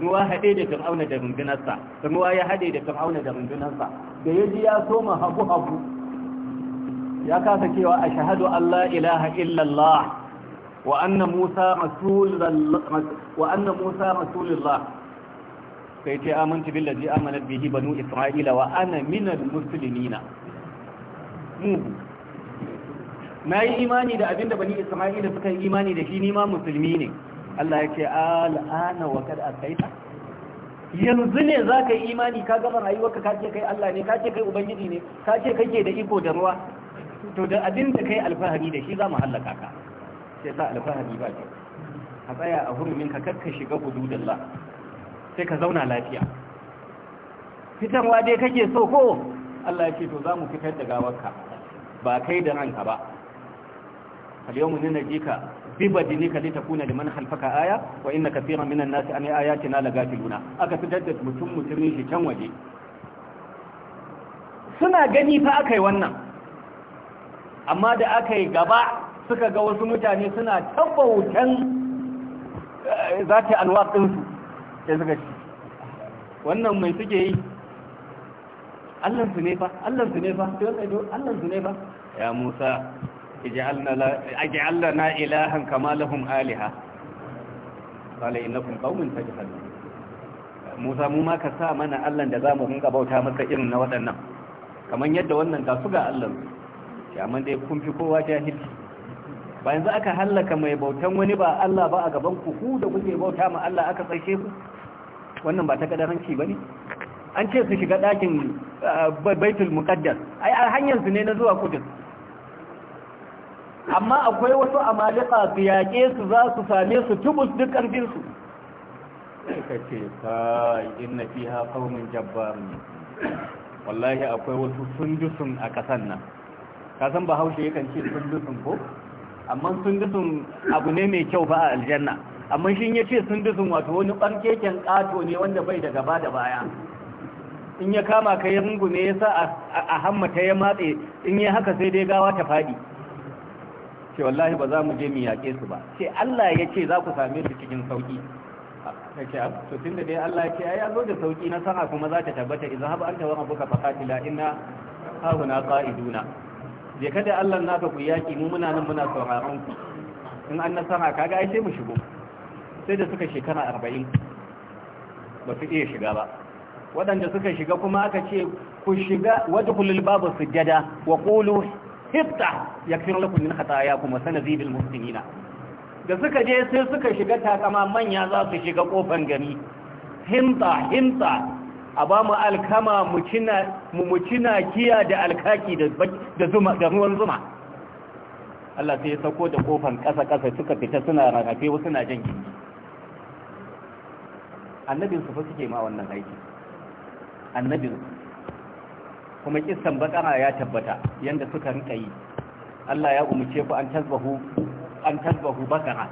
ruwa hade da fir'auna da rundunarsa ruwa ya hade da fir'auna da rundunarsa da yaji ya soma hagu-hagu. ya kasa cewa ashhadu an la ilaha illallah wa anna musa rasulullah kai ce aminci billazi amana bihi banu isra'ila wa ana minal muslimina mugu na yi imani da abinda bani isra'ila suka yi imani da shi nima musulmi ne Allah ya ce al'ana wa kad asaita yanzu ne za ka yi imani ka gama rayuwarka ka ce kai Allah ne ka ce kai ubangiji ne ka ce kake da iko da ruwa to da abin da kai alfahari da shi za mu halaka. ka sai za alfahari ba ke a tsaya a hurumin ka kakka shiga da Allah sai ka zauna lafiya fitarwa dai kake so ko allah ce to za mu fitar da gawarka ba kai da ranka ba alyawun nuna ji ka biba jini ka lita kuna da manhalfaka aya wa inna ka minan nasi an yi aya ce na lagafi luna aka fitar da mutum mutumin shi kan waje suna gani fa aka wannan amma da aka gaba suka ga wasu mutane suna tabbautan eh, zati anwar ɗinsu ya suka shi wannan mai suke yi allansu ne fa allansu ne fa sai wannan allansu ne fa ya musa ij'alna na ilahan kama lahum aliha qala innakum qaumun tajhalun musa mu ma ka sa mana allan da mu hunga bauta masa irin na waɗannan kamar yadda wannan ga su ga allan ya man dai kun fi kowa jahilci ba yanzu aka hallaka mai bautan wani ba Allah ba a gaban ku ku da kuke bauta ma Allah aka tsake ku wannan ba ta kadaranci ba ne an ce su shiga ɗakin ah, baitul muqaddas ai a hanyar su ne na zuwa kudin amma akwai wasu amalika su yaƙe su za su same su tubus duk ƙarfin su ka ce kai inna fiha qaumun jabbar wallahi akwai wasu sundusun a ƙasan nan ka san bahaushe yakan ce sundusun ko amma sun sundusun abu ne mai kyau ba a aljanna amma shin ya ce sun sundusun wato wani ɓarkeken ƙato ne wanda bai da gaba da baya in ya kama ka ya rungume ya sa a hammata ya matse in ya haka sai dai gawa ta faɗi ce wallahi ba za mu je mu yaƙe su ba ce Allah ya ce za ku same su cikin sauƙi kake ah, to da dai Allah ya ce ya zo da sauƙi na sana kuma za ta tabbata idan an anta abu ka faqatila ina hauna ƙa'iduna. je kada Allah naka ku yaki mu muna nan muna sauraron ku in an nasara kaga ai sai mu shigo sai da suka shekara arba'in ba su iya shiga ba waɗanda suka shiga kuma aka ce ku shiga wata kulul babu sujjada wa kulu hifta yakfir lakum min khatayakum kuma sana bil musulmina da suka je sai suka shiga takama manya za su shiga kofan gari himta himta a ba mu alkama mu cina kiya da alkaki da ruwan zuma Allah sai ya sauko da kofan ƙasa-ƙasa suka fita suna rarrafe wasu na jan gini annabinsu fa suke ma wannan aiki annabin? kuma kisan bakara ya tabbata yadda suka rinka yi Allah ya umarce ku an an tasbahu bakara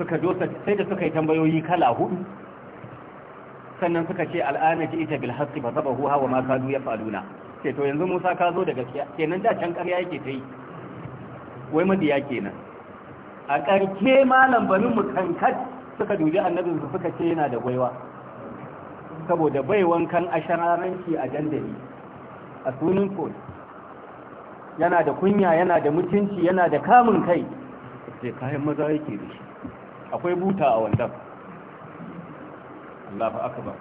suka dosa sai da suka yi tambayoyi kala hudu sannan suka ce al'ana ji ita bil haqqi fa zabahu wa ma kadu yafaluna sai to yanzu Musa ka zo da gaskiya kenan da can ƙarya yake ta yi wai madiya kenan a ƙarke malam barin mu kankat suka duje annabin su suka ce yana da gwaiwa saboda bai wankan ashararanci a dandali a sunin ko yana da kunya yana da mutunci yana da kamun kai sai kayan maza yake da shi akwai buta a wandan Allah fa aka akbar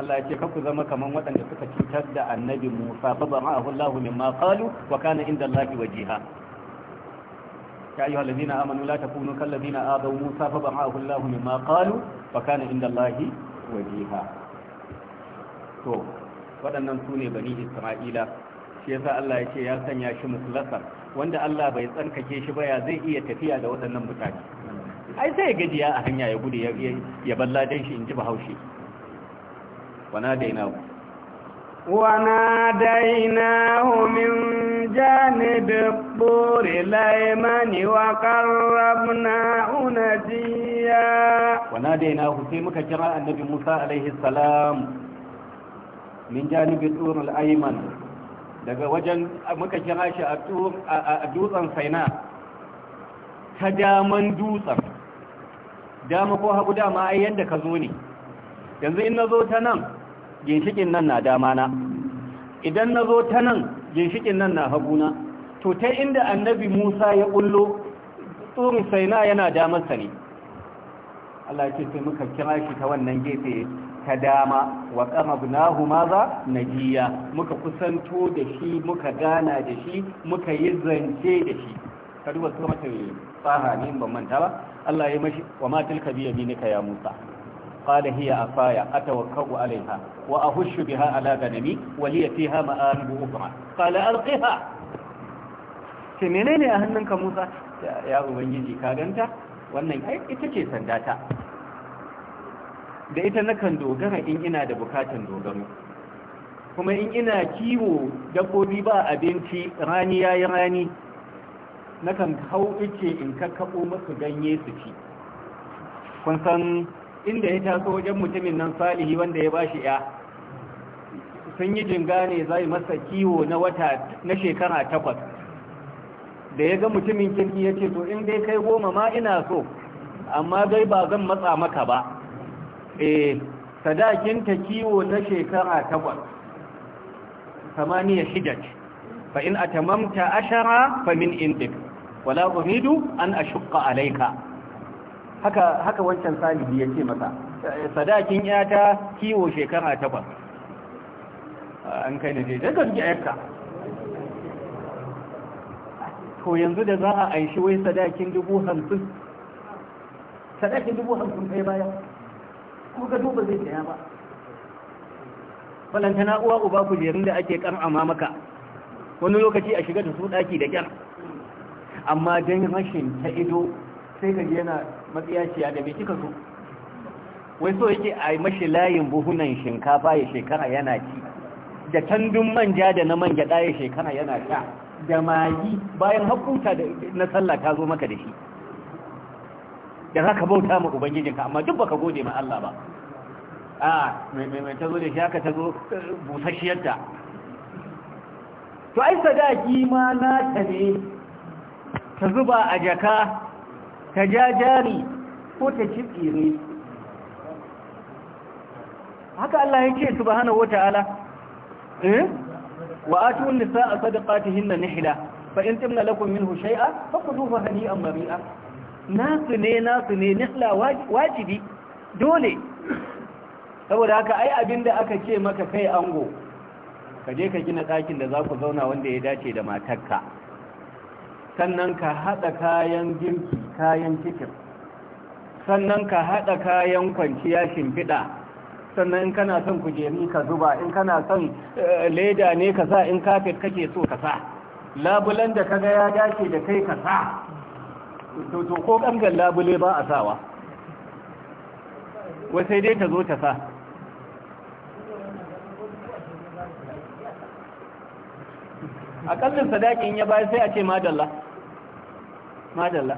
Allah ya ce ku zama kaman waɗanda suka cutar da annabi Musa fa ba ma'ahu Allah ma qalu wa kana inda Allah wajiha ya ayyuhal ladina amanu la takunu kal ladina adaw Musa fa ba ma'ahu Allah ma qalu wa kana inda Allah wajiha to waɗannan su ne bani Isra'ila shi yasa Allah ya ce ya sanya shi mukhlasar wanda Allah bai tsarkake shi ba ya zai iya tafiya da waɗannan mutane ai sai ya gajiya a hanya ya gudu ya balla don shi in ji ba haushe wana daina hu wana daina hu min jani da ɓore laimani wa ƙarrabna unajiya wana daina hu sai muka kira annabi musa alaihi salam min jani da ɗorin laiman daga wajen muka kira shi a dutsen saina ta jaman dutsen dama ko hagu dama ai yadda ka zo ne yanzu in na zo ta nan ginshikin nan na dama na idan na zo ta nan ginshikin nan na na, to ta inda annabi musa ya ƙullo tsorin saina yana damarsa ne Allah ce sai muka kira shi ta wannan gefe ta dama wa kama za maza najiya muka kusanto da shi muka gana da shi muka yi zance da shi kaduwa su mata taha ne ban manta ba Allah ya mashi wa ma tilka bi yaminika ya Musa قال هي alaiha wa ahushu biha ala على wa ولي fiha مآرب اخرى qala alqiha ce menene a hannunka Musa ya ubangiji ka ganta wannan ai ita ce sandata da ita nakan dogara in ina da bukatan dogaro kuma in ina kiwo dabbobi ba abinci rani yayi rani Na kan hau ice in ka kakkaɓo masu ganye su ci kun san inda ya taso wajen mutumin nan salihi wanda ya bashi ya sun yi jinga ne zai masa kiwo na wata na shekara takwas da ya ga mutumin kirki ya ce to in dai kai goma ma ina so amma dai ba zan matsa maka ba eh sadakinta kiwo na shekara takwas samaniya shidaj fa in atamamta ashara fa min indik wala umidu an ashqa alayka haka haka wancan salihi yace masa sadakin yata kiwo shekara takwas an kai ne da gaske ayyuka to yanzu da za a aishi wai sadakin dubu hamsin sadakin dubu hamsin kai baya ko ga duba zai tsaya ba na uwa uba kujerun da ake kan amma maka wani lokaci a shiga da su daki da kyar amma don rashin ta ido sai ka yana matsiyaciya da mai kika so wai so yake a mashi layin buhunan shinkafa ya shekara yana ci da tandun manja da na manja ɗaya shekara yana sha da magi bayan hakunta na sallah ta zo maka da shi da za ka bauta ma ubangijinka amma duk baka gode ma Allah ba a mai ta zo da shi haka ta zo eh, ta to ai sadaki ma na ta ne ta zuba a jaka ta ja jari ko ta ci tsire haka Allah ya ce subhanahu wata eh wa atu nisaa sadaqatihinna nihla fa in timna lakum minhu shay'a hannu a mari'a nasu ne nasu ne nihla wajibi dole saboda haka ai abinda aka ce maka kai ango ka je ka gina ɗakin da za ku zauna wanda ya dace da matarka sannan ka haɗa kayan girki kayan cikin sannan ka haɗa kayan kwanciya shimfiɗa sannan in kana son kujeri ka zuba in kana son eh, leda ne ka sa in kafet kake so ka sa labulan da kaga ya dace da kai ka sa to ko ƙangar labule ba a sawa wasai dai ta zo ta sa a ƙasar sadakin ya bayan sai a ce madalla madalla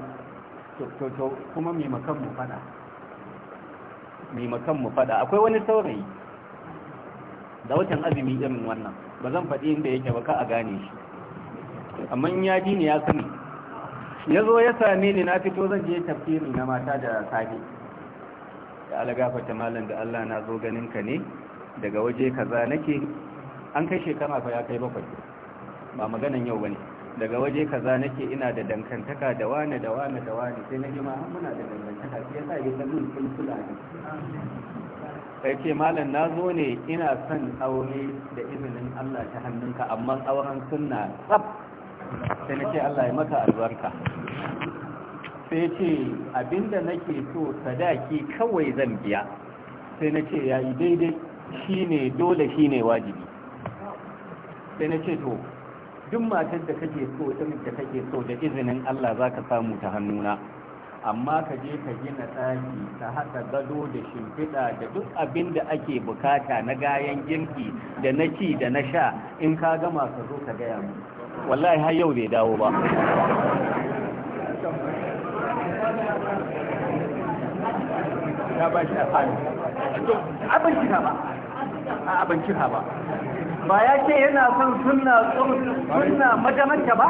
to kuma mu fada mai makan mu fada akwai wani saurayi da watan azumi irin wannan ba zan faɗi inda yake ba ka a gane shi amma ya dini ya sani ya zo ya same ni na fito zan je tafsirin na mata da safe da ta malam da Allah na zo ganin ka ne daga waje kaza nake an kai shekara fa ya kai bakwai ba maganan yau bane daga waje kaza nake ina da dankantaka da wane da wane da wane sai na jima an muna da dankantaka sai yasa ya san mun kun kula ne sai ce malam na zo ne ina son aure da izinin Allah ta hannunka amma auren sunna tsaf sai na ce Allah ya maka albarka sai ce abinda nake so sadaki kawai zan biya sai na ce yayi daidai shine dole shine wajibi sai na ce to duk matar da kake so duk da kake so da izinin Allah za ka samu ta hannuna amma ka je ka gina tsaki ta haɗa gado da shimfiɗa da duk abin da ake bukata na gayan girki da na ci da na sha in ka gama ka zo ka gaya mu wallahi har yau bai dawo ba a abin kira abin kira ba ba ya ce yana son suna suna majalanta ba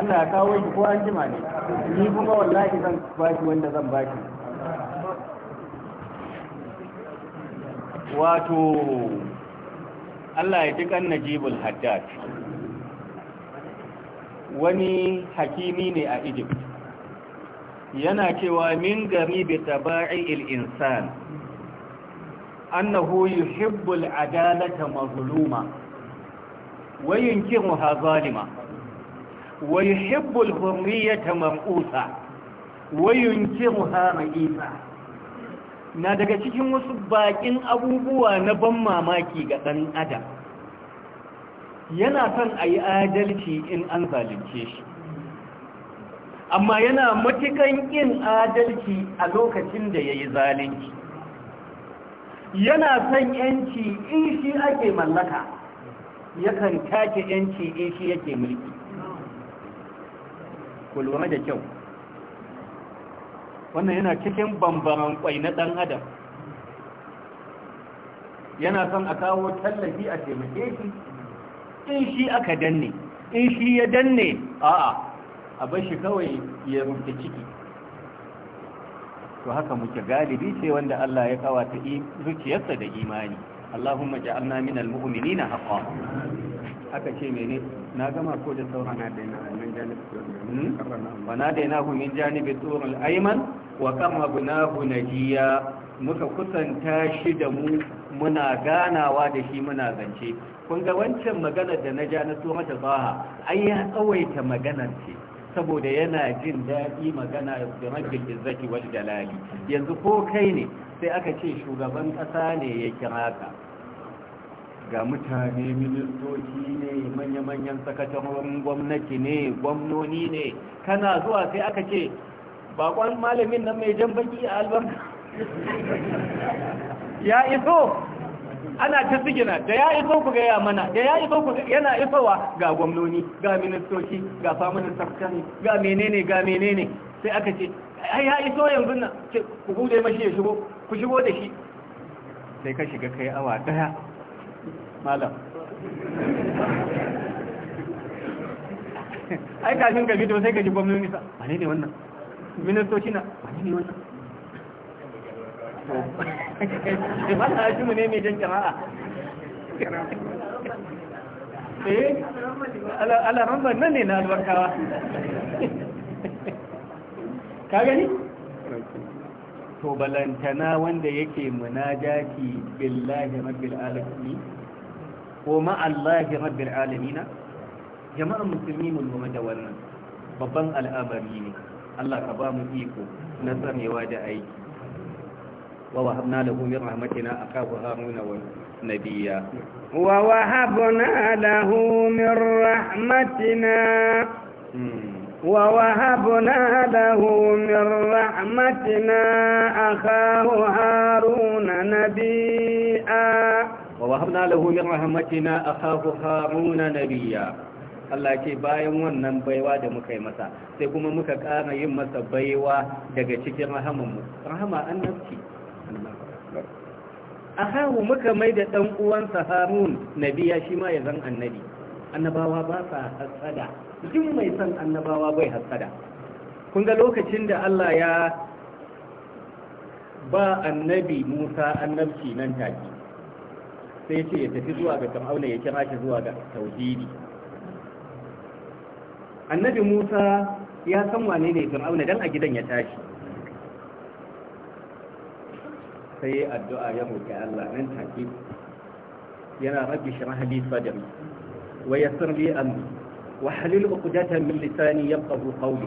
Allah ya kawo shi ko an jima ne ni kuma wallahi zan baki wanda zan baki wato Allah ya dukan najibul haddad wani hakimi ne a Egypt yana cewa min gari bi tabai'il insan annahu yuhibbu al'adalata mazluma wa yunkiruha zalima wa yuhibbu al-hurriyata mar'usa wa yunkiruha ra'isa na daga cikin wasu bakin abubuwa na ban mamaki ga dan adam yana son ayi adalci in an zalunce shi amma yana matukan ƙin adalci a lokacin da ya yi zalunci yana son yanci in shi ake mallaka yakan take yanci in shi yake mulki kulwama da kyau wannan yana cikin bambaran kwai na ɗan adam yana son a kawo tallafi a taimake shi in shi aka danne in shi ya danne a'a a bar shi kawai ya rufe ciki to haka muke galibi ce wanda Allah ya kawata zuciyarsa da imani Allahumma ja'alna minal mu'minina haqqan Haka ce mene na gama ko da sauran Bana da hmm? ina hu min janibi turul ayman wa qarrabnahu najiya muka kusanta shi da mu muna ganawa da shi muna zance kun ga wancan magana da na ja na tsoma ta tsaha ai ya tsawaita maganar ce saboda yana jin daɗi magana da mafi izzati wani jalali yanzu ko kai ne sai aka ce shugaban ƙasa ne ya kira ka ga mutane ministoci ne manya-manyan sakataren gwamnati ne gwamnoni ne kana zuwa sai aka ce bakon malamin nan mai jan baki a albarka ya iso ana ta sigina da ya iso ku gaya mana da ya iso ku yana isowa ga gwamnoni ga ministoci ga famunan sakatari ga menene ga menene sai aka ce ai ya iso yanzu na ku bude mashi ya shigo ku shigo da shi sai ka shiga kai awa daya malam ai kafin ka fito sai ka ji gwamnoni sa wane ne wannan ministoci na wane ne wannan mana hajimu ne mai jan jama'a eh alaramban nan ne na albarkawa ka gani to balantana wanda yake munajati billahi rabbil alamin ko ma Allahi rabbil alamin jama'a musulmi mu goma da wannan babban al'amari ne Allah ka ba mu iko na tsamewa da aiki ووهبنا له من رحمتنا أخاه هارون ونبيا ووهبنا له من رحمتنا ووهبنا له من رحمتنا أخاه هارون نبيا ووهبنا له من رحمتنا أخاه هارون نبيا Allah ce bayan wannan baiwa da muka yi masa sai kuma muka ƙara yin masa baiwa daga cikin rahamanmu rahama annabci A akahu muka mai da dan uwansa harun nabiya shi ma ya zan annabi annabawa ba sa hasada jin mai san annabawa bai hasada kun ga lokacin da Allah ya ba annabi Musa annabci nan take sai ce ya tafi zuwa ga Fir'auna ya kira shi zuwa ga tauhidi annabi Musa ya san wane ne Fir'auna dan a gidan ya tashi sai yi addu'a ya roƙi Allah nan take yana rabbi shirah li sadri wa yassir li amri wa halil uqdatan min lisani yafqahu qawli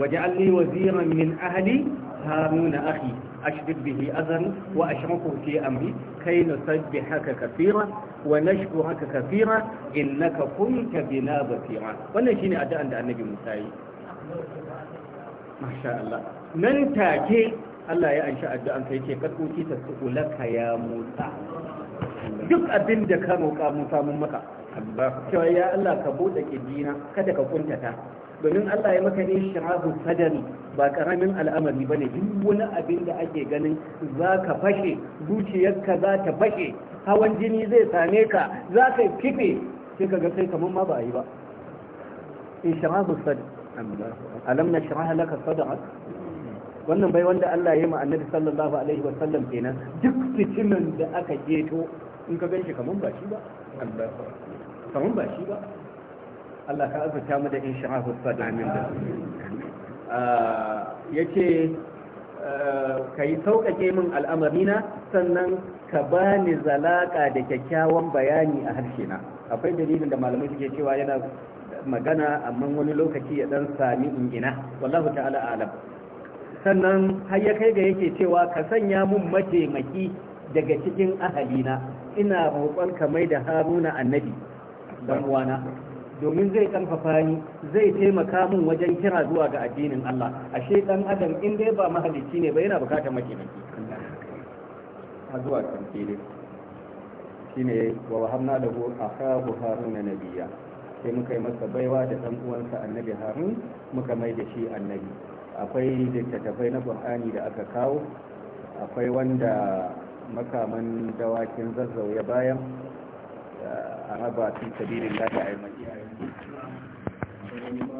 waj'al li min ahli harun akhi ashdid bihi azan wa ashraku fi amri kay nusabbihaka kaseera wa nashkuraka kaseera innaka kunta bina basira wannan da annabi Musa yi masha nan take Allah ya anshi addu'an ka yake kaskoki ta suku laka ya Musa duk abin da ka roƙa Musa mun maka cewa ya Allah ka bude kidina kada ka kuntata domin Allah ya maka ne shirahu sadari ba karamin al'amari ba ne duk wani abin da ake ganin za ka fashe zuciyarka za ta fashe hawan jini zai same ka za ka kife sai ka ga sai kamar ma ba a yi ba in shirahu sadari alam na shiraha laka sadara wannan bai wanda Allah ya yi ma annabi sallallahu alaihi wa sallam kenan duk fitinan da aka geto in ka ganshi kaman ba shi ba kaman ba shi ba Allah ka azurta mu da insha'ahu sadar min ah, da yace ah, ka sauƙaƙe min al'amarina sannan ka ba ni zalaƙa da kyakkyawan bayani a harshe na akwai dalilin da malamai suke cewa yana magana amma wani lokaci ya ɗan sami ingina wallahu ta'ala alam sannan har ya kai ga yake cewa ka sanya mun mataimaki daga cikin ahalina ina roƙon ka mai da haruna annabi dan uwana domin zai karfafa ni zai taimaka min wajen kira zuwa ga addinin Allah ashe dan adam in dai ba mahalicci ne ba yana bukatar mataimaki a zuwa karshe ne shine wa wahamna lahu akahu haruna nabiyya sai muka yi masa baiwa da dan uwansa annabi harun muka mai da shi annabi akwai littattafai na ƙur'ani da aka kawo akwai wanda makaman dawakin zazzau ya bayan eh, a haba fi sabirin lafi a yi